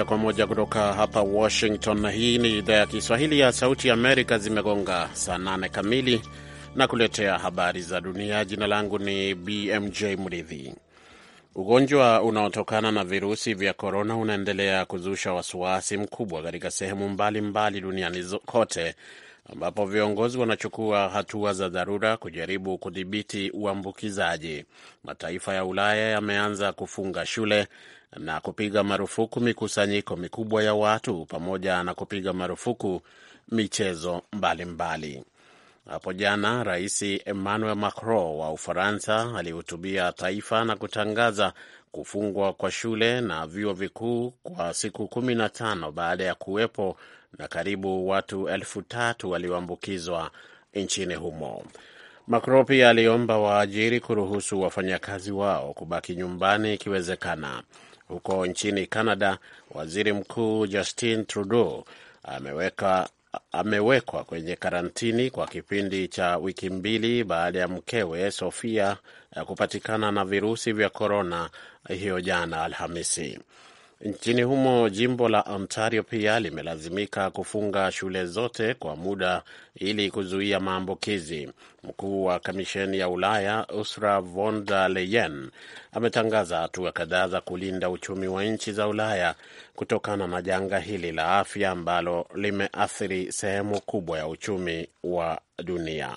moja kwa moja kutoka hapa Washington, na hii ni idhaa ya Kiswahili ya Sauti ya Amerika. Zimegonga saa nane kamili na kuletea habari za dunia. Jina langu ni BMJ Mridhi. Ugonjwa unaotokana na virusi vya korona unaendelea kuzusha wasiwasi mkubwa katika sehemu mbalimbali duniani kote, ambapo viongozi wanachukua hatua za dharura kujaribu kudhibiti uambukizaji. Mataifa ya Ulaya yameanza kufunga shule na kupiga marufuku mikusanyiko mikubwa ya watu pamoja na kupiga marufuku michezo mbalimbali. Hapo jana Rais Emmanuel Macron wa Ufaransa alihutubia taifa na kutangaza kufungwa kwa shule na vyuo vikuu kwa siku kumi na tano baada ya kuwepo na karibu watu elfu tatu walioambukizwa nchini humo. Macron pia aliomba waajiri kuruhusu wafanyakazi wao kubaki nyumbani ikiwezekana. Huko nchini Canada, waziri mkuu Justin Trudeau ameweka amewekwa kwenye karantini kwa kipindi cha wiki mbili baada ya mkewe Sofia eh, kupatikana na virusi vya korona hiyo jana Alhamisi. Nchini humo jimbo la Ontario pia limelazimika kufunga shule zote kwa muda ili kuzuia maambukizi. Mkuu wa kamisheni ya Ulaya Ursula von der Leyen ametangaza hatua kadhaa za kulinda uchumi wa nchi za Ulaya kutokana na janga hili la afya ambalo limeathiri sehemu kubwa ya uchumi wa dunia.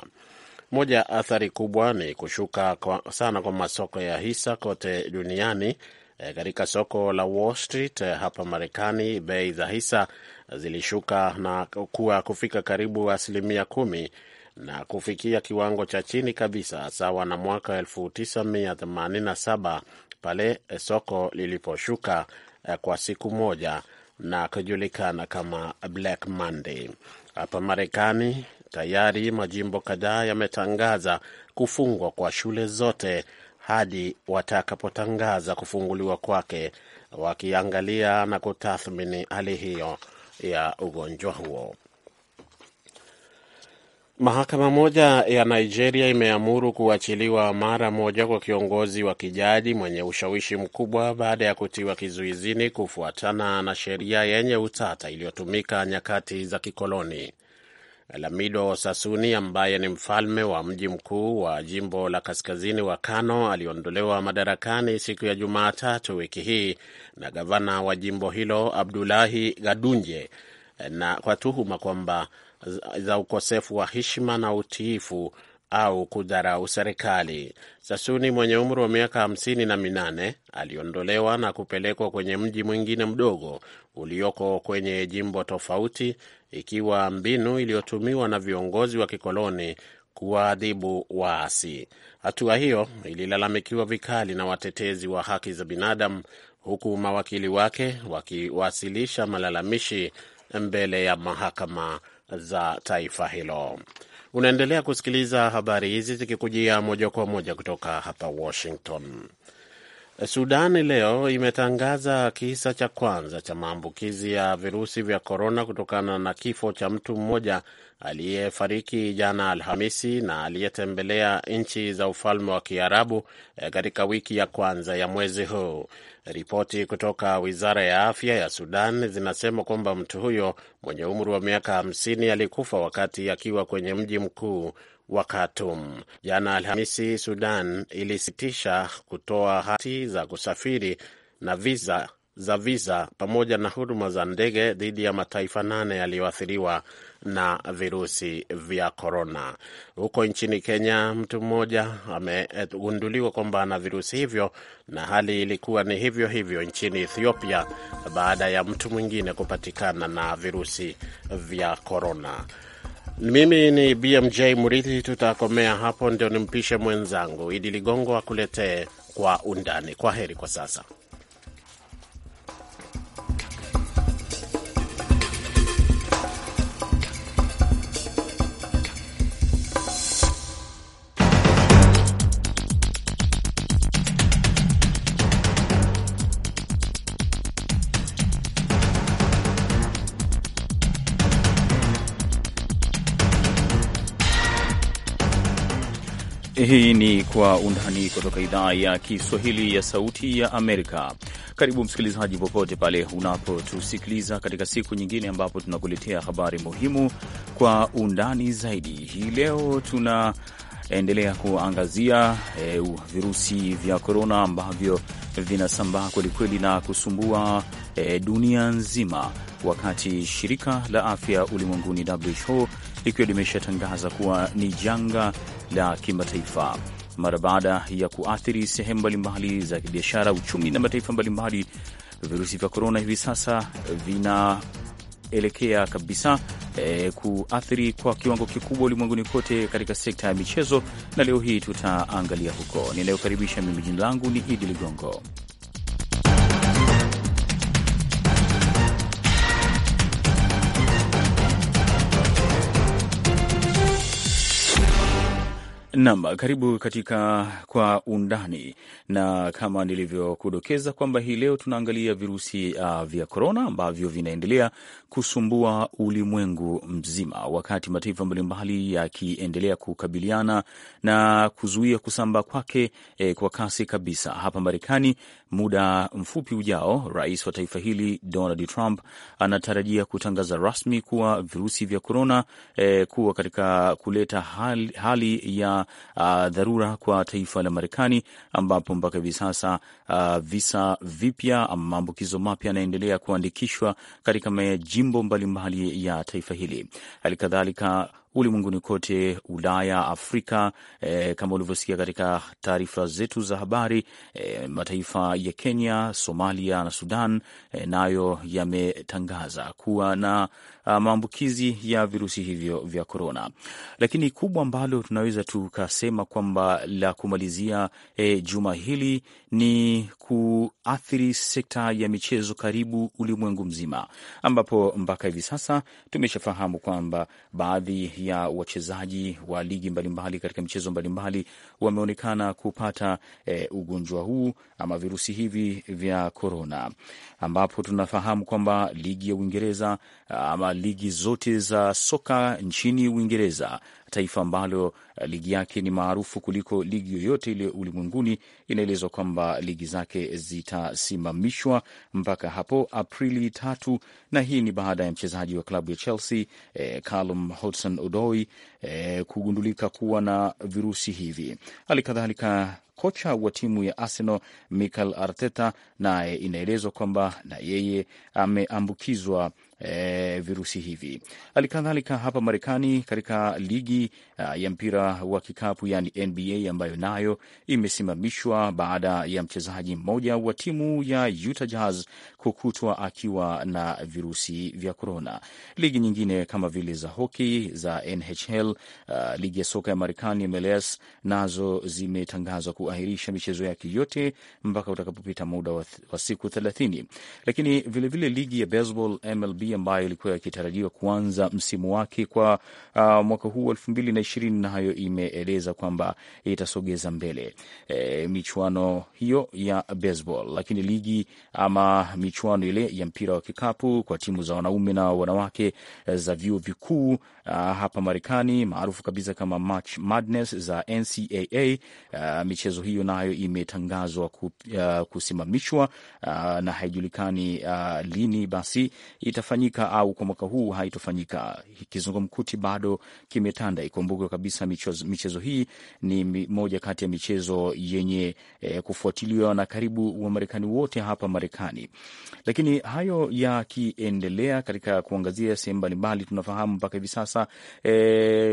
Moja ya athari kubwa ni kushuka kwa sana kwa masoko ya hisa kote duniani Eh, katika soko la Wall Street eh, hapa Marekani, bei za hisa eh, zilishuka na kuwa kufika karibu asilimia kumi na kufikia kiwango cha chini kabisa sawa na mwaka 1987 pale soko liliposhuka kwa siku moja na kujulikana kama Black Monday. Hapa Marekani tayari majimbo kadhaa yametangaza kufungwa kwa shule zote hadi watakapotangaza kufunguliwa kwake, wakiangalia na kutathmini hali hiyo ya ugonjwa huo. Mahakama moja ya Nigeria imeamuru kuachiliwa mara moja kwa kiongozi wa kijadi mwenye ushawishi mkubwa baada ya kutiwa kizuizini kufuatana na sheria yenye utata iliyotumika nyakati za kikoloni. Lamido Sasuni ambaye ni mfalme wa mji mkuu wa jimbo la kaskazini wa Kano aliondolewa madarakani siku ya Jumatatu wiki hii na gavana wa jimbo hilo Abdulahi Gadunje na kwa tuhuma kwamba za ukosefu wa heshima na utiifu au kudharau serikali. Sasuni mwenye umri wa miaka hamsini na minane aliondolewa na kupelekwa kwenye mji mwingine mdogo ulioko kwenye jimbo tofauti, ikiwa mbinu iliyotumiwa na viongozi wa kikoloni kuwaadhibu waasi. Hatua hiyo ililalamikiwa vikali na watetezi wa haki za binadamu, huku mawakili wake wakiwasilisha malalamishi mbele ya mahakama za taifa hilo. Unaendelea kusikiliza habari hizi zikikujia moja kwa moja kutoka hapa Washington. Sudani leo imetangaza kisa cha kwanza cha maambukizi ya virusi vya korona kutokana na kifo cha mtu mmoja aliyefariki jana Alhamisi na aliyetembelea nchi za ufalme wa Kiarabu eh, katika wiki ya kwanza ya mwezi huu. Ripoti kutoka wizara ya afya ya Sudan zinasema kwamba mtu huyo mwenye umri wa miaka 50 alikufa wakati akiwa kwenye mji mkuu wa Khartoum. Jana Alhamisi, Sudan ilisitisha kutoa hati za kusafiri na viza za viza pamoja na huduma za ndege dhidi ya mataifa nane yaliyoathiriwa na virusi vya korona. Huko nchini Kenya, mtu mmoja amegunduliwa kwamba ana virusi hivyo, na hali ilikuwa ni hivyo hivyo nchini Ethiopia baada ya mtu mwingine kupatikana na virusi vya korona. Mimi ni BMJ Murithi. Tutakomea hapo, ndio nimpishe mwenzangu Idi Ligongo akuletee kwa undani. Kwa heri kwa sasa. Hii ni Kwa Undani kutoka idhaa ya Kiswahili ya Sauti ya Amerika. Karibu msikilizaji, popote pale unapotusikiliza katika siku nyingine ambapo tunakuletea habari muhimu kwa undani zaidi. Hii leo tunaendelea kuangazia e, virusi vya korona ambavyo vinasambaa kwelikweli na kusumbua e, dunia nzima wakati shirika la afya ulimwenguni WHO likiwa limeshatangaza kuwa ni janga la kimataifa mara baada ya kuathiri sehemu mbalimbali za kibiashara, uchumi na mataifa mbalimbali. Virusi vya korona hivi sasa vinaelekea kabisa e, kuathiri kwa kiwango kikubwa ulimwenguni kote katika sekta ya michezo, na leo hii tutaangalia huko. Ninayokaribisha mimi, jina langu ni Idi Ligongo. Nam, karibu katika Kwa Undani, na kama nilivyokudokeza kwamba hii leo tunaangalia virusi uh, vya korona ambavyo vinaendelea kusumbua ulimwengu mzima, wakati mataifa mbalimbali yakiendelea kukabiliana na kuzuia kusambaa kwake eh, kwa kasi kabisa. Hapa Marekani, muda mfupi ujao, rais wa taifa hili Donald Trump anatarajia kutangaza rasmi kuwa virusi vya korona eh, kuwa katika kuleta hali, hali ya uh, dharura kwa taifa la Marekani, ambapo mpaka hivi sasa uh, visa vipya ama maambukizo mapya yanaendelea kuandikishwa katika majimbo mbalimbali ya taifa hili. Halikadhalika ulimwenguni kote, Ulaya, Afrika, E, kama ulivyosikia katika taarifa zetu za habari e, mataifa ya Kenya, Somalia na Sudan e, nayo yametangaza kuwa na uh, maambukizi ya virusi hivyo vya korona. Lakini kubwa ambalo tunaweza tukasema kwamba la kumalizia e, juma hili ni kuathiri sekta ya michezo karibu ulimwengu mzima, ambapo mpaka hivi sasa tumeshafahamu kwamba baadhi ya wachezaji wa ligi mbalimbali katika michezo mbalimbali wameonekana kupata e, ugonjwa huu ama virusi hivi vya korona, ambapo tunafahamu kwamba ligi ya Uingereza ama ligi zote za soka nchini Uingereza, taifa ambalo eh, ligi yake ni maarufu kuliko ligi yoyote ile ulimwenguni. Inaelezwa kwamba ligi zake zitasimamishwa mpaka hapo Aprili tatu, na hii ni baada ya mchezaji wa klabu ya Chelsea eh, Callum Hudson-Odoi eh, kugundulika kuwa na virusi hivi. Hali kadhalika kocha wa timu ya Arsenal Mikel Arteta naye inaelezwa kwamba na yeye ameambukizwa e, virusi hivi. Halikadhalika hapa Marekani, katika ligi uh, ya mpira wa kikapu yani NBA ambayo nayo imesimamishwa baada ya mchezaji mmoja wa timu ya Utah Jazz kukutwa akiwa na virusi vya korona. Ligi nyingine kama vile za hoki za NHL, uh, ligi ya soka ya Marekani MLS nazo zimetangazwa kuahirisha michezo yake yote mpaka utakapopita muda wa, wa siku thelathini, lakini vilevile vile ligi ya baseball MLB Mali ambayo ilikuwa ikitarajiwa kuanza msimu wake kwa uh, mwaka huu elfu mbili na ishirini nayo imeeleza kwamba itasogeza mbele e, michuano hiyo ya baseball, lakini ligi ama michuano ile ya mpira wa kikapu kwa timu za wanaume na wanawake za vyuo vikuu uh, hapa Marekani maarufu kabisa kama March Madness za NCAA uh, michezo hiyo nayo imetangazwa uh, kusimamishwa uh, na haijulikani uh, lini basi itafanyika itafanyika au kwa mwaka huu haitofanyika. Kizungumkuti bado kimetanda. Ikumbukwe kabisa michezo, michezo hii ni moja kati ya michezo yenye e, kufuatiliwa na karibu Wamarekani wote hapa Marekani. Lakini hayo yakiendelea, katika kuangazia sehemu mbalimbali, tunafahamu mpaka hivi sasa e,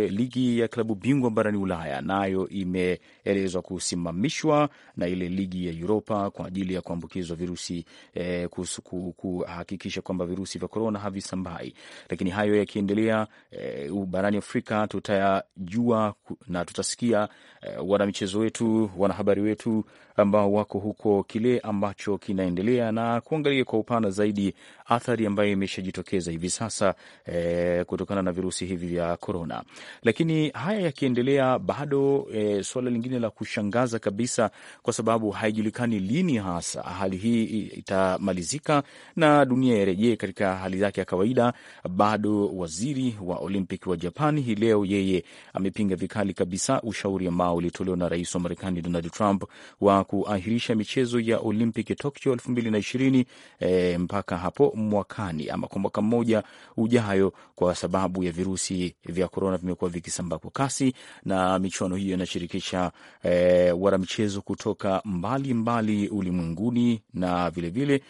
ligi ya klabu bingwa barani Ulaya nayo na imeelezwa kusimamishwa na ile ligi ya Uropa kwa ajili ya kuambukizwa virusi e, kuhakikisha kwamba virusi vya korona vinaonwa na havisambai. Lakini hayo yakiendelea e, barani Afrika tutayajua na tutasikia e, wanamichezo wetu, wanahabari wetu ambao wako huko, kile ambacho kinaendelea na kuangalia kwa upana zaidi athari ambayo imeshajitokeza hivi sasa e, kutokana na virusi hivi vya korona. Lakini haya yakiendelea bado, e, suala lingine la kushangaza kabisa, kwa sababu haijulikani lini hasa hali hii itamalizika na dunia yarejee katika hali yake ya kawaida. Bado waziri wa Olympic wa Japan hii leo yeye amepinga vikali kabisa ushauri ambao ulitolewa na rais wa Marekani Donald Trump wa kuahirisha michezo ya Olympic Tokyo 2020 e, eh, mpaka hapo mwakani ama kwa mwaka mmoja ujayo, kwa sababu ya virusi vya korona vimekuwa vikisambaa kwa kasi, na michuano hiyo inashirikisha e, wanamichezo kutoka mbalimbali ulimwenguni na vilevile vile,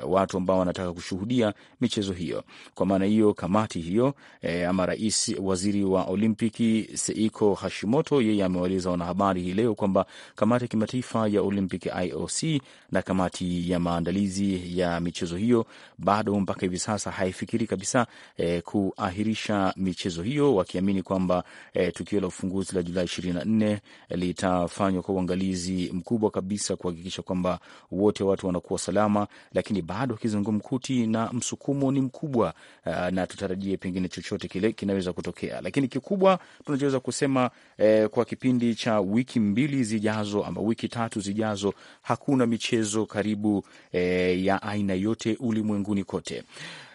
e, watu ambao wanataka kushuhudia michezo hiyo. Kwa maana hiyo kamati hiyo e, ama rais waziri wa Olimpiki Seiko Hashimoto yeye amewaeleza wanahabari hii leo kwamba kamati ya kimataifa ya Olimpiki IOC na kamati ya maandalizi ya michezo hiyo bado mpaka hivi sasa haifikiri kabisa e, kuahirisha michezo hiyo, wakiamini kwamba e, tukio la ufunguzi la Julai ishirini na nne eh, litafanywa kwa uangalizi mkubwa kabisa kuhakikisha kwamba wote watu wanakuwa salama, lakini bado kizungumkuti na msukumo ni mkubwa eh, na tutarajie pengine chochote kile kinaweza kutokea, lakini kikubwa tunachoweza kusema e, kwa kipindi cha wiki mbili zijazo ama wiki tatu zijazo hakuna michezo karibu e, ya aina yote ulimwenguni ulimwenguni kote.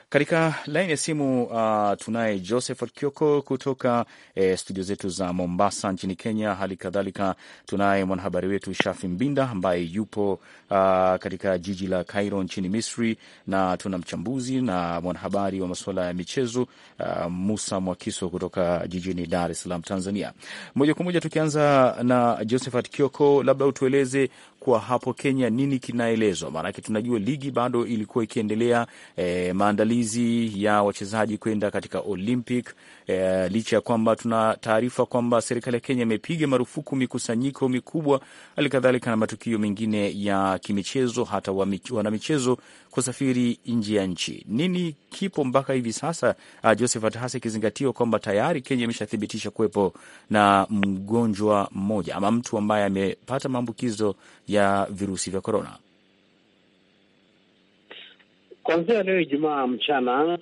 Katika laini ya simu uh, tunaye Joseph Kioko kutoka eh, studio zetu za Mombasa nchini Kenya. Hali kadhalika tunaye mwanahabari wetu Shafi Mbinda ambaye yupo uh, katika jiji la Cairo nchini Misri, na tuna mchambuzi na mwanahabari wa masuala ya michezo uh, Musa Mwakiso kutoka jijini Dar es Salaam, Tanzania. Moja kwa moja tukianza na Josephat Kioko, labda utueleze kwa hapo Kenya nini kinaelezwa? Maanake tunajua ligi bado ilikuwa ikiendelea, e, maandalizi ya wachezaji kwenda katika Olympic e, licha ya kwamba tuna taarifa kwamba serikali ya Kenya imepiga marufuku mikusanyiko mikubwa, hali kadhalika na matukio mengine ya kimichezo, hata wanamichezo kusafiri nje ya nchi. Nini kipo mpaka hivi sasa, uh, Josephat, hasa ikizingatiwa kwamba tayari Kenya imeshathibitisha kuwepo na mgonjwa mmoja ama mtu ambaye amepata maambukizo ya virusi vya korona? kwanzia leo Ijumaa mchana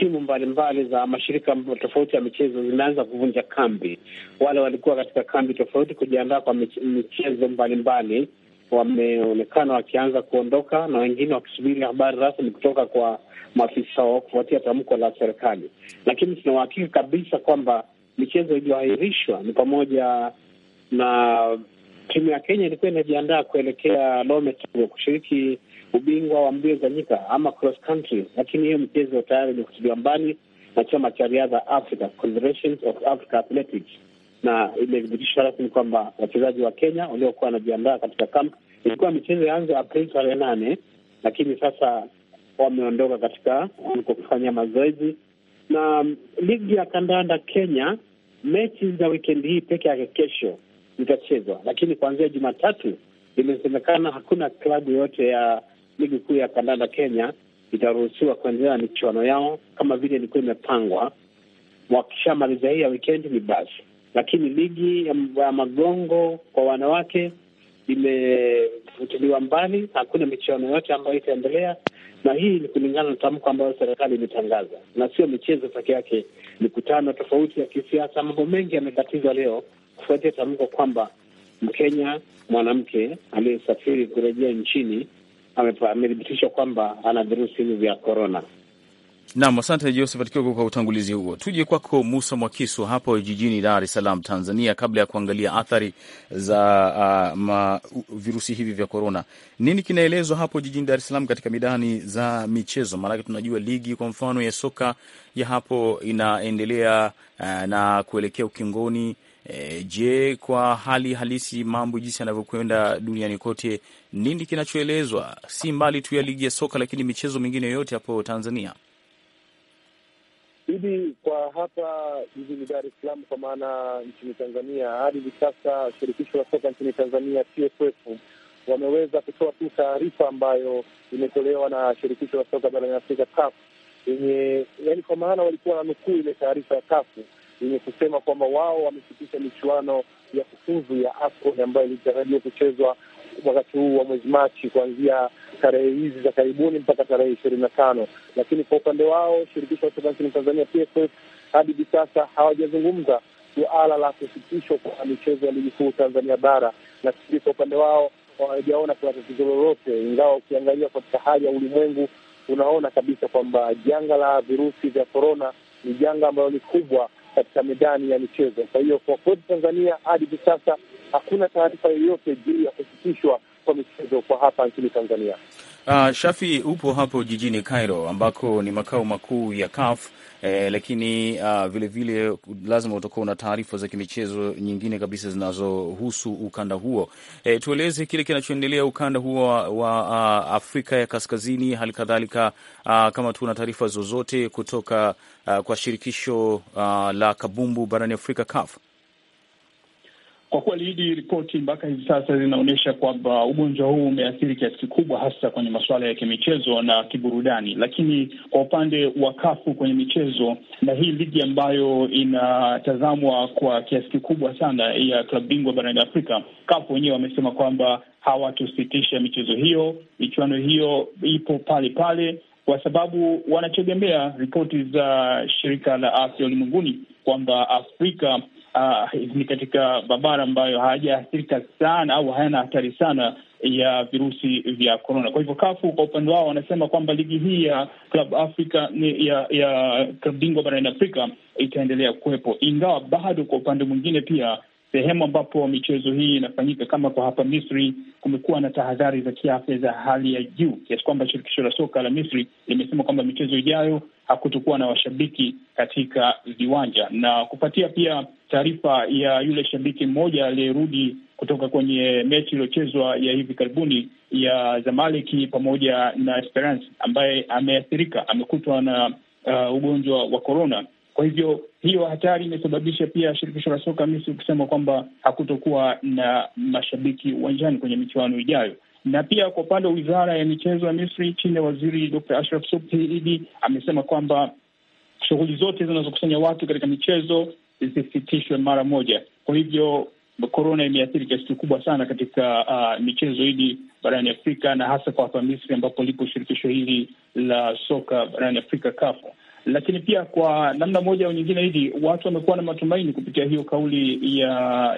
timu mbalimbali za mashirika tofauti ya michezo zimeanza kuvunja kambi. Wale walikuwa katika kambi tofauti kujiandaa kwa michezo mbalimbali mbali wameonekana wakianza kuondoka na wengine wakisubiri habari rasmi kutoka kwa maafisa wao kufuatia tamko la serikali. Lakini tunauhakika kabisa kwamba michezo iliyoahirishwa ni pamoja na timu ya Kenya ilikuwa inajiandaa kuelekea Lome kushiriki ubingwa wa mbio za nyika ama cross country, lakini hiyo mchezo tayari imekutiliwa mbali na chama cha riadha Africa, Confederation of Africa Athletics na imethibitishwa rasmi kwamba wachezaji wa Kenya waliokuwa wanajiandaa katika kamp, ilikuwa michezo yaanza Aprili tarehe nane, lakini sasa wameondoka katika kufanya mazoezi. Na ligi ya kandanda Kenya, mechi za wikendi hii peke yake kesho zitachezwa, lakini kuanzia Jumatatu imesemekana hakuna klabu yoyote ya ligi kuu ya kandanda Kenya itaruhusiwa kuendelea na michuano yao kama vile ilikuwa imepangwa. Wakishamaliza hii ya wikendi ni basi lakini ligi ya magongo kwa wanawake imefutiliwa mbali. Hakuna michuano yote ambayo itaendelea, na hii ni kulingana na tamko ambayo serikali imetangaza, na sio michezo peke yake, mikutano tofauti ya kisiasa. Mambo mengi yametatizwa leo kufuatia tamko kwamba Mkenya mwanamke aliyesafiri kurejea nchini amethibitishwa kwamba ana virusi hivi vya korona. Nam, asante Josephat Kioko kwa utangulizi huo. Tuje kwako Musa Mwakisu hapo jijini Dar es Salaam, Tanzania. Kabla ya kuangalia athari za uh, ma, virusi hivi vya korona, nini kinaelezwa hapo jijini Dar es Salaam katika midani za michezo? Maanake tunajua ligi kwa mfano ya soka ya hapo inaendelea uh, na kuelekea ukingoni. E, je, kwa hali halisi mambo jinsi yanavyokwenda duniani kote, nini kinachoelezwa si mbali tu ya ligi ya soka, lakini michezo mingine yoyote hapo Tanzania? Hivi kwa hapa jijini Dar es Salaam, kwa maana nchini Tanzania, hadi hivi sasa shirikisho la soka nchini Tanzania TFF wameweza kutoa tu taarifa ambayo imetolewa na shirikisho la soka barani Afrika CAF yenye yani, kwa maana walikuwa na nukuu ile taarifa ya CAF yenye kusema kwamba wao wamefikisha michuano ya kufuzu ya AFCON ambayo ilitarajiwa kuchezwa wakati huu wa mwezi Machi, kuanzia tarehe hizi za karibuni mpaka tarehe ishirini na tano. Lakini kwa upande wao shirikisho la soka nchini Tanzania TFF hadi hivi sasa hawajazungumza suala la kusitishwa kwa michezo ya ligi kuu Tanzania bara. Nafikiri kwa upande wao hawajaona kuna tatizo lolote, ingawa ukiangalia katika hali ya ulimwengu unaona kabisa kwamba janga la virusi vya korona ni janga ambalo ni kubwa katika medani ya michezo. Kwa hiyo kwa kweli Tanzania hadi hivi sasa hakuna taarifa yoyote juu ya kusitishwa kwa michezo kwa hapa nchini Tanzania. Uh, Shafi, upo hapo jijini Cairo ambako ni makao makuu ya CAF eh, lakini uh, ah, vilevile lazima utakuwa na taarifa za kimichezo nyingine kabisa zinazohusu ukanda huo. Eh, tueleze kile kinachoendelea ukanda huo wa, wa uh, Afrika ya Kaskazini, hali kadhalika uh, kama tuna taarifa zozote kutoka uh, kwa shirikisho uh, la kabumbu barani Afrika CAF. Kwa kweli hili ripoti mpaka hivi sasa zinaonyesha kwamba ugonjwa huu umeathiri kiasi kikubwa, hasa kwenye masuala ya kimichezo na kiburudani. Lakini kwa upande wa kafu kwenye michezo na hii ligi ambayo inatazamwa kwa kiasi kikubwa sana ya klabu bingwa barani Afrika, kafu wenyewe wamesema kwamba hawatusitisha michezo hiyo, michuano hiyo ipo pale pale kwa sababu wanategemea ripoti za shirika la afya ulimwenguni kwamba Afrika uh, ni katika barabara ambayo hayajaathirika sana au hayana hatari sana ya virusi vya korona. Kwa hivyo kafu kwa upande wao wanasema kwamba ligi hii ya Club Africa ni ya ya klabu bingwa barani Afrika itaendelea kuwepo, ingawa bado kwa upande mwingine pia sehemu ambapo michezo hii inafanyika kama kwa hapa Misri, kumekuwa na tahadhari za kiafya za hali ya juu kiasi kwamba shirikisho la soka la Misri limesema kwamba michezo ijayo hakutokuwa na washabiki katika viwanja. Na kupatia pia taarifa ya yule shabiki mmoja aliyerudi kutoka kwenye mechi iliyochezwa ya hivi karibuni ya Zamaleki pamoja na Esperance ambaye ameathirika, amekutwa na uh, ugonjwa wa korona kwa hivyo hiyo hatari imesababisha pia shirikisho la soka Misri kusema kwamba hakutokuwa na mashabiki uwanjani kwenye michuano ijayo na pia kwa upande wa wizara ya michezo ya Misri chini ya waziri Dr Ashraf Subhi Idi amesema kwamba shughuli zote zinazokusanya watu katika michezo zisitishwe mara moja. Kwa hivyo korona imeathiri kiasi kikubwa sana katika uh, michezo hili barani Afrika na hasa kwa hapa Misri ambapo lipo shirikisho hili la soka barani Afrika, kafu lakini pia kwa namna moja au nyingine hivi watu wamekuwa na matumaini kupitia hiyo kauli ya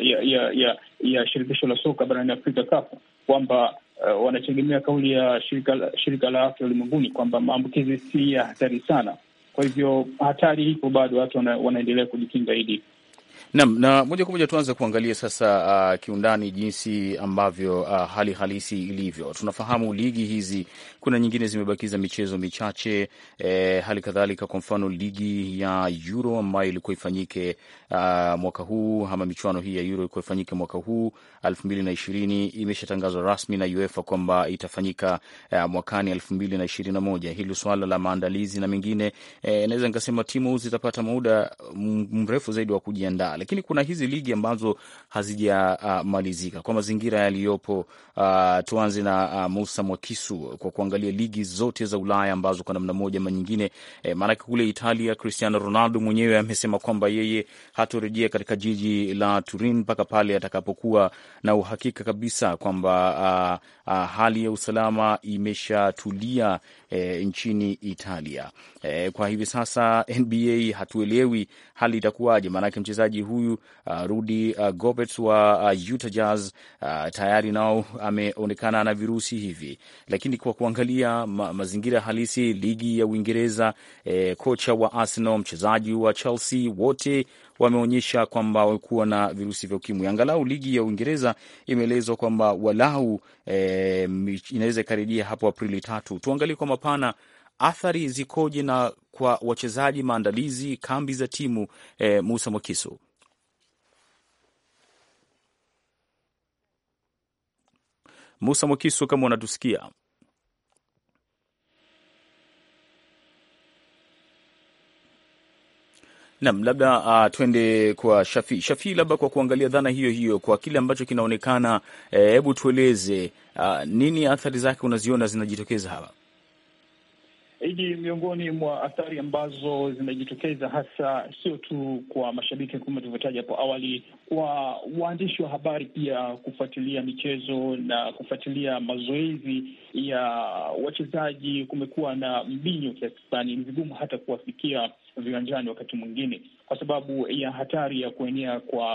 ya ya ya, ya shirikisho la soka barani Afrika CAF kwamba uh, wanategemea kauli ya shirika, shirika la afya ulimwenguni kwamba maambukizi si ya hatari sana. Kwa hivyo hatari ipo bado, watu wana, wanaendelea kujikinga hidi Nam na moja kwa moja tuanze kuangalia sasa uh, kiundani jinsi ambavyo uh, hali halisi ilivyo. Tunafahamu ligi hizi kuna nyingine zimebakiza michezo michache eh, hali kadhalika, kwa mfano ligi ya Euro ambayo ilikuwa ifanyike uh, mwaka huu ama michuano hii ya Euro ilikuwa ifanyike mwaka huu elfu mbili na ishirini imeshatangazwa rasmi na UEFA kwamba itafanyika uh, mwakani elfu mbili na ishirini na moja. Hilo swala la maandalizi na mengine eh, naweza nikasema timu zitapata muda mm, mrefu zaidi wa kujiandaa lakini kuna hizi ligi ambazo hazijamalizika uh, kwa mazingira yaliyopo. Uh, tuanze na uh, Musa Mwakisu kwa kuangalia ligi zote za Ulaya ambazo kwa namna moja ama nyingine eh, maanake kule Italia Cristiano Ronaldo mwenyewe amesema kwamba yeye hatorejea katika jiji la Turin mpaka pale atakapokuwa na uhakika kabisa kwamba uh, uh, hali ya usalama imeshatulia eh, nchini Italia. Eh, kwa hivi sasa NBA hatuelewi hali itakuwaje, maanake mchezaji huyu uh, Rudy uh, Gobert wa uh, Utah Jazz uh, tayari nao ameonekana na virusi hivi, lakini kwa kuangalia ma mazingira halisi ligi ya Uingereza eh, kocha wa Arsenal, mchezaji wa Chelsea wote wameonyesha kwamba walikuwa na virusi vya ukimwi. Angalau ligi ya Uingereza imeelezwa kwamba walau e, inaweza ikarejea hapo Aprili tatu. Tuangalie kwa mapana athari zikoje na kwa wachezaji, maandalizi, kambi za timu. E, Musa Mwakiso. Musa Mwakiso, kama unatusikia Nam, labda uh, twende kwa Shafii. Shafii, labda kwa kuangalia dhana hiyo hiyo kwa kile ambacho kinaonekana, eh, hebu eh, tueleze uh, nini athari zake unaziona zinajitokeza hapa? Hii ni miongoni mwa athari ambazo zimejitokeza hasa, sio tu kwa mashabiki kama tulivyotaja hapo awali, kwa waandishi wa habari pia kufuatilia michezo na kufuatilia mazoezi ya wachezaji. Kumekuwa na mbinyo kiasi fulani, ni vigumu hata kuwafikia viwanjani wakati mwingine kwa sababu ya hatari ya kuenea kwa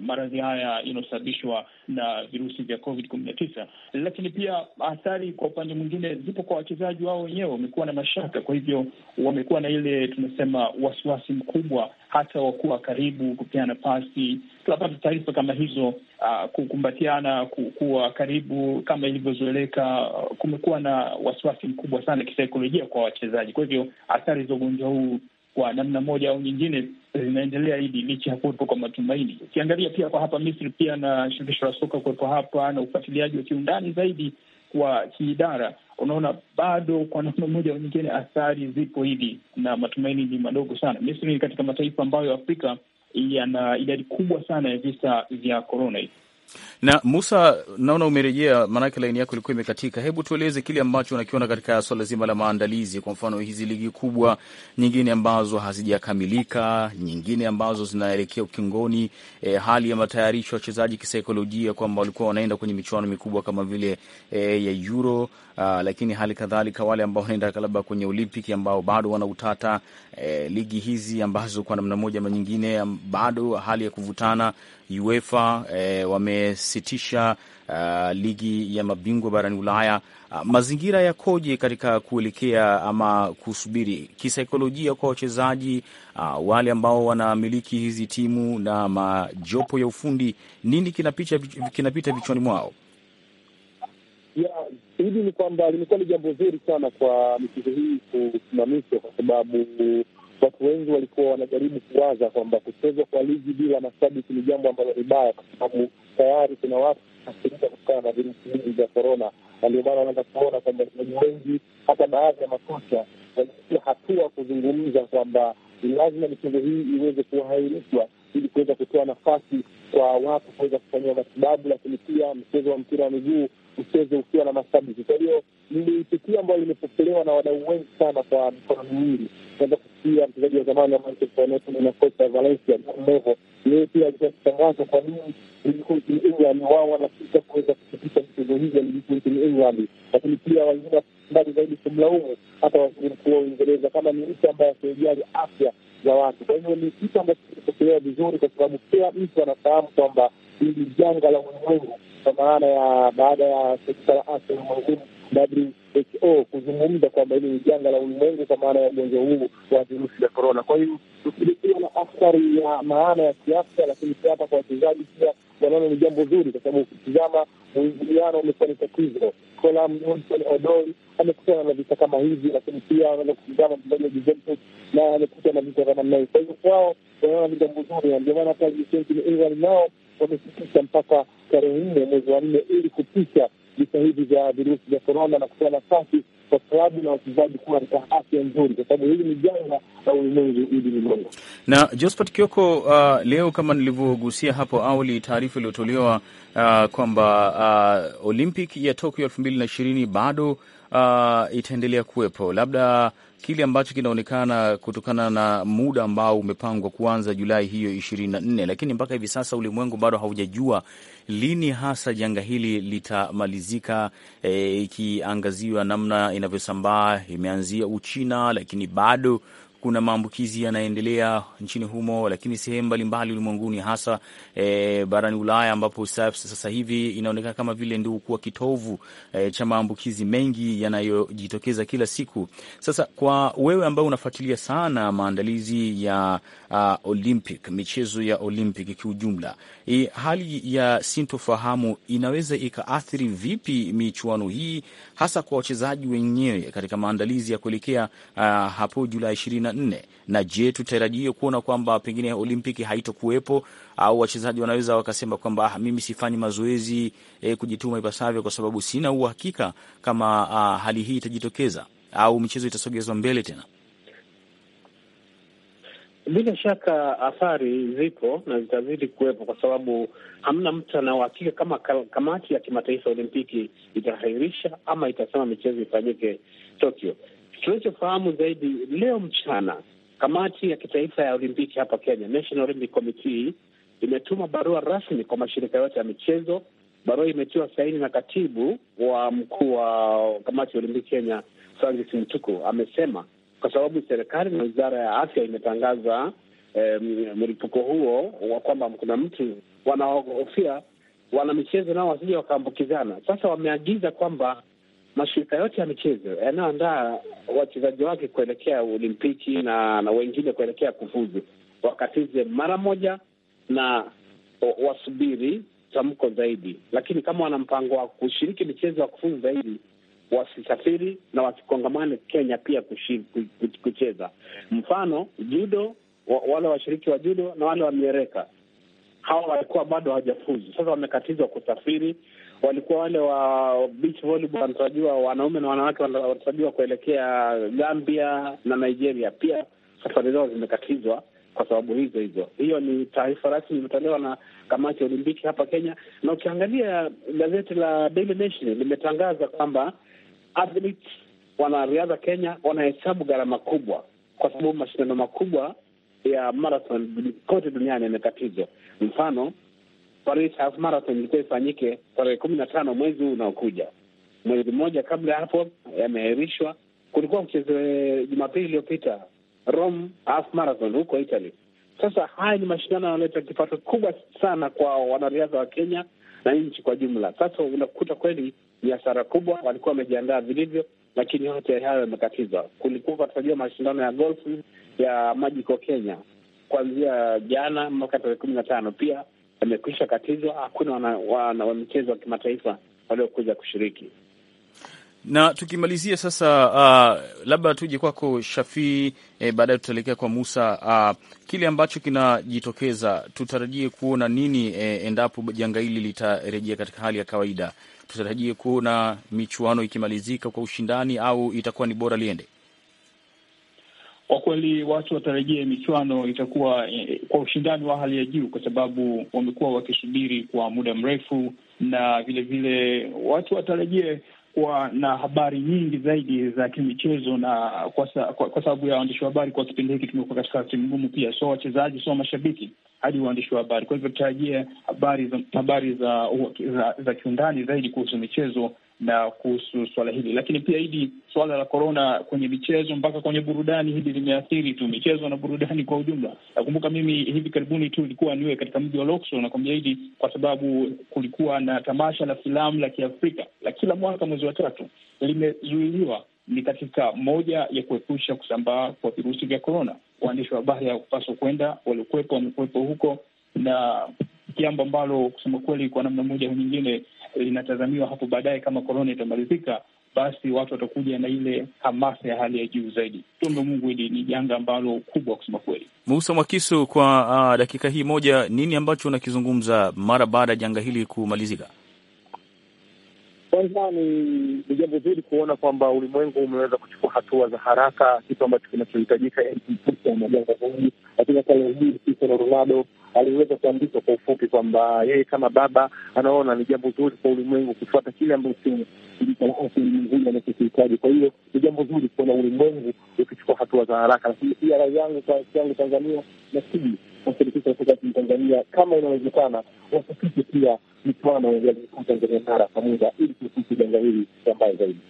maradhi haya yanayosababishwa na virusi vya Covid kumi na tisa. Lakini pia athari kwa upande mwingine zipo kwa wachezaji wao wenyewe, wamekuwa na mashaka, kwa hivyo wamekuwa na ile tunasema wasiwasi mkubwa, hata wakuwa karibu, kupea nafasi Tunapata taarifa kama hizo, uh, kukumbatiana, kuwa karibu kama ilivyozoeleka. Kumekuwa na wasiwasi mkubwa sana kisaikolojia kwa wachezaji, kwa hivyo athari za ugonjwa huu kwa namna moja au nyingine eh, zinaendelea hivi licha ya kuwepo kwa matumaini. Ukiangalia pia kwa hapa Misri, pia na shirikisho la soka kuwepo hapa na ufuatiliaji wa kiundani zaidi kwa kiidara, unaona bado kwa namna moja au nyingine athari zipo hivi na matumaini ni madogo sana. Misri ni katika mataifa ambayo Afrika yana idadi kubwa sana ya visa vya korona hivi na Musa, naona umerejea, maanake laini yako ilikuwa imekatika. Hebu tueleze kile ambacho unakiona katika swala zima la maandalizi, kwa mfano hizi ligi kubwa nyingine ambazo hazijakamilika, nyingine ambazo zinaelekea ukingoni, e, hali ya matayarisho ya wachezaji kisaikolojia, kwamba walikuwa wanaenda kwenye michuano mikubwa kama vile e, ya Euro a, ah, lakini hali kadhalika wale ambao wanaenda labda kwenye Olimpiki ambao bado wanautata e, eh, ligi hizi ambazo kwa namna moja ama nyingine bado hali ya kuvutana UEFA e, wamesitisha uh, ligi ya mabingwa barani Ulaya. Uh, mazingira yakoje katika kuelekea ama kusubiri kisaikolojia kwa wachezaji uh, wale ambao wanamiliki hizi timu na majopo ya ufundi? Nini kinapita, kinapita vichwani mwao? Hili ni kwamba limekuwa ni jambo zuri sana kwa michezo hii kusimamishwa, kwa sababu watu wengi walikuwa wanajaribu kuwaza kwamba kuchezwa kwa ligi bila mashabiki ni jambo ambalo ni baya, kwa sababu tayari kuna watu athirika kutokana na virusi hivi vya korona, na ndio maana wanaweza kuona kwamba wachezaji wengi, hata baadhi ya makocha walifikia hatua kuzungumza kwamba ni lazima michezo hii iweze kuhairishwa ili kuweza kutoa nafasi kwa watu kuweza kufanyiwa matibabu, lakini pia mchezo wa mpira wa miguu mchezo ukiwa na mashabiki. Kwa hiyo ni tukio ambalo limepokelewa na wadau wengi sana kwa mikono miwili pia mchezaji wa zamani wa Manchester United na kocha wa Valencia Mevo, yeye pia alikuwa akitangazwa kwa nini ligi kuu nchini England wao wanafika kuweza kupitisha michezo hii ya ligi kuu nchini England, lakini pia wengine mbali zaidi kumlaumu hata waziri mkuu wa Uingereza kama ni mtu ambaye asiyejali afya za watu. Kwa hiyo ni kitu ambacho kimepokelewa vizuri, kwa sababu kila mtu anafahamu kwamba hili janga la maana ya baada ya sekta ya afya ulimwenguni WHO kuzungumza kwamba hili ni janga la ulimwengu kwa maana ya ugonjwa huu wa virusi vya korona. Kwa hiyo tukiwa na athari ya maana ya kiafya, lakini pia hata kwa wachezaji pia wanaona ni jambo zuri, kwa sababu ukitizama mwingiliano umekuwa ni tatizo. Colam Odoi amekutana na vita kama hivi, lakini pia wanaweza kutizama mchezaji wa Juventus naye amekutana na vita kama hii. Kwa hiyo kwao wanaona ni jambo zuri, na ndio maana hata England nao wamefikisha mpaka tarehe nne mwezi wa nne ili kupisha visa hivi vya virusi vya korona na kutoa nafasi kwa klabu na wachezaji kuwa katika afya nzuri, kwa sababu hili ni janga la ulimwengu hili ligongo. Na Josphat Kioko, uh, leo kama nilivyogusia hapo awali, taarifa iliyotolewa uh, kwamba uh, Olympic ya Tokyo elfu mbili na ishirini bado uh, itaendelea kuwepo labda kile ambacho kinaonekana kutokana na muda ambao umepangwa kuanza Julai hiyo ishirini na nne, lakini mpaka hivi sasa ulimwengu bado haujajua lini hasa janga hili litamalizika, e, ikiangaziwa e, namna inavyosambaa. Imeanzia Uchina, lakini bado kuna maambukizi yanaendelea nchini humo, lakini sehemu mbalimbali ulimwenguni, hasa e, barani Ulaya ambapo sasa hivi inaonekana kama vile ndio kuwa kitovu e, cha maambukizi mengi yanayojitokeza kila siku. Sasa kwa wewe ambao unafuatilia sana maandalizi ya uh, Olympic, michezo ya Olympic kiujumla, e, hali ya sintofahamu inaweza ikaathiri vipi michuano hii hasa kwa wachezaji wenyewe katika maandalizi ya kuelekea uh, hapo Julai ishirini na nne. Na je, tutarajie kuona kwamba pengine Olimpiki haitokuwepo au wachezaji wanaweza wakasema kwamba ah, mimi sifanyi mazoezi eh, kujituma ipasavyo kwa sababu sina uhakika kama uh, hali hii itajitokeza au michezo itasogezwa mbele tena? Bila shaka athari zipo na zitazidi kuwepo, kwa sababu hamna mtu anaohakika kama kamati ya kimataifa ya Olimpiki itaahirisha ama itasema michezo ifanyike Tokyo. Tunachofahamu zaidi leo mchana, kamati ya kitaifa ya Olimpiki hapa Kenya, National Olympic Committee, imetuma barua rasmi kwa mashirika yote ya michezo. Barua imetiwa saini na katibu wa mkuu wa kamati ya Olimpiki Kenya, Francis Mtuku, amesema kwa sababu serikali na wizara ya afya imetangaza eh, mlipuko huo wa kwamba kuna mtu wanaohofia wana michezo nao wasije wakaambukizana. Sasa wameagiza kwamba mashirika yote ya michezo yanayoandaa wachezaji wake kuelekea Olimpiki na, na wengine kuelekea kufuzu wakatize mara moja na wasubiri tamko zaidi, lakini kama wana mpango wa kushiriki michezo ya kufuzu zaidi, wasisafiri na wasikongamane Kenya pia kushi, kucheza. Mfano judo wale washiriki wa judo na wale wa miereka hawa walikuwa bado hawajafuzu, sasa wamekatizwa kusafiri. Walikuwa wale wa beach volleyball wanatarajiwa, wanaume na wanawake wanatarajiwa kuelekea Gambia na Nigeria, pia safari zao zimekatizwa kwa sababu hizo hizo. Hiyo ni taarifa rasmi imetolewa na kamati ya Olimpiki hapa Kenya, na ukiangalia gazeti la Daily Nation limetangaza kwamba athletes, wanariadha Kenya wanahesabu gharama kubwa, kwa sababu mashindano makubwa ya marathon kote duniani yamekatizwa. Mfano, Paris Half Marathon ilikuwa ifanyike tarehe kumi na tano mwezi huu unaokuja, mwezi mmoja kabla ya hapo yameahirishwa. Kulikuwa mchezo eh, Jumapili iliyopita Rome Half Marathon huko Italy. Sasa haya ni mashindano yanaleta kipato kubwa sana kwa wanariadha wa Kenya na nchi kwa jumla. Sasa unakuta kweli biashara kubwa, walikuwa wamejiandaa vilivyo, lakini yote hayo yamekatizwa. Kulikuwa kunatarajia mashindano ya golfu ya Magical Kenya kuanzia jana mwaka tarehe kumi na tano pia yamekwisha katizwa. Hakuna wanamichezo wa kimataifa waliokuja kushiriki. Na tukimalizia sasa, uh, labda tuje kwako Shafii, eh, baadaye tutaelekea kwa Musa. Uh, kile ambacho kinajitokeza tutarajie kuona nini eh, endapo janga hili litarejea katika hali ya kawaida? tutarajie kuona michuano ikimalizika kwa ushindani au itakuwa ni bora liende? Kwa kweli watu watarajie michuano itakuwa eh, kwa ushindani wa hali ya juu, kwa sababu wamekuwa wakisubiri kwa muda mrefu, na vilevile vile, watu watarajie kuwa na habari nyingi zaidi za kimichezo na kwa, sa, kwa, kwa sababu ya waandishi wa habari kwa kipindi hiki tumekuwa katika timu mgumu pia, so wachezaji, so mashabiki hadi waandishi wa habari. Kwa hivyo tutarajia habari za habari za, za, za, za kiundani zaidi kuhusu michezo na kuhusu swala hili, lakini pia hili swala la korona kwenye michezo mpaka kwenye burudani, hili limeathiri tu michezo na burudani kwa ujumla. Nakumbuka mimi hivi karibuni tu ilikuwa niwe katika mji wa Luxor, nakwambia hili kwa sababu kulikuwa na tamasha la filamu la Kiafrika la kila mwaka mwezi wa tatu, limezuiliwa ni katika moja ya kuepusha kusambaa kwa virusi vya korona. Waandishi wa habari hawakupaswa kwenda, waliokuwepo wamekuwepo huko, na jambo ambalo kusema kweli, kwa namna moja au nyingine linatazamiwa hapo baadaye, kama korona itamalizika, basi watu watakuja na ile hamasa ya hali ya juu zaidi. Tuombe Mungu, hili ni janga ambalo kubwa kusema kweli. Musa Mwakisu, kwa uh, dakika hii moja, nini ambacho unakizungumza mara baada ya janga hili kumalizika? Kwanza ni jambo zuri kuona kwamba ulimwengu umeweza kuchukua hatua za haraka, kitu ambacho kinachohitajika majanga huu katika kala hii Cristiano Ronaldo aliweza kuandika kwa ufupi kwamba yeye kama baba anaona ni jambo zuri kwa ulimwengu kufuata kile ambacho anachokihitaji. Kwa hiyo ni jambo zuri kuona ulimwengu ukichukua hatua za haraka, lakini pia rai yangu kwa yangu Tanzania na sii washirikisho kutoka nchini Tanzania kama inawezekana wasitishe pia michuano ya ligi kuu Tanzania mara kwa muda ili kuepusha janga hili ambaye zaidi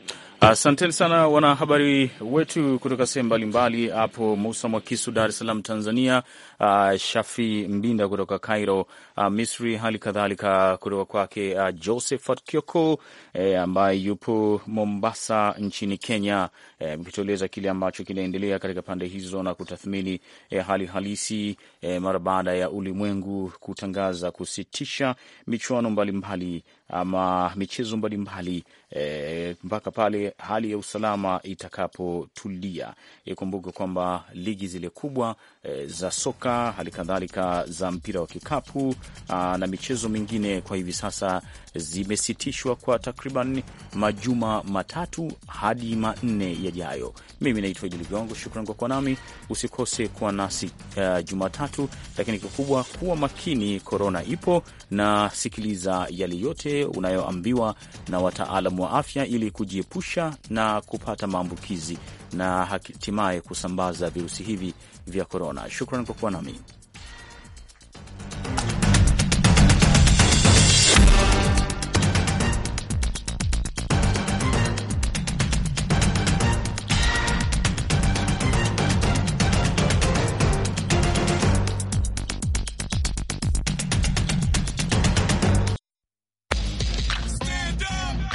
Asanteni sana wanahabari wetu kutoka sehemu mbalimbali hapo, Musa Mwakisu, Dar es Salaam, Tanzania, uh, Shafi Mbinda kutoka Cairo, uh, Misri, hali kadhalika kutoka kwake uh, ah, Josephat Kioko eh, ambaye yupo Mombasa nchini Kenya, eh, mkitueleza eh, kile ambacho kinaendelea katika pande hizo na kutathmini eh, hali halisi eh, mara baada ya ulimwengu kutangaza kusitisha michuano mbalimbali mbali ama michezo mbalimbali e, mpaka pale hali ya usalama itakapotulia. Ikumbuke kwamba ligi zile kubwa e, za soka hali kadhalika za mpira wa kikapu a, ah, na michezo mingine kwa hivi sasa zimesitishwa kwa takriban majuma matatu hadi manne yajayo. Mimi naitwa Idi Ligongo, shukran kwa kuwa nami. Usikose kuwa nasi uh, Jumatatu, lakini kikubwa kuwa makini, korona ipo na sikiliza yale yote yote unayoambiwa na wataalamu wa afya ili kujiepusha na kupata maambukizi na hatimaye kusambaza virusi hivi vya korona. Shukran kwa kuwa nami.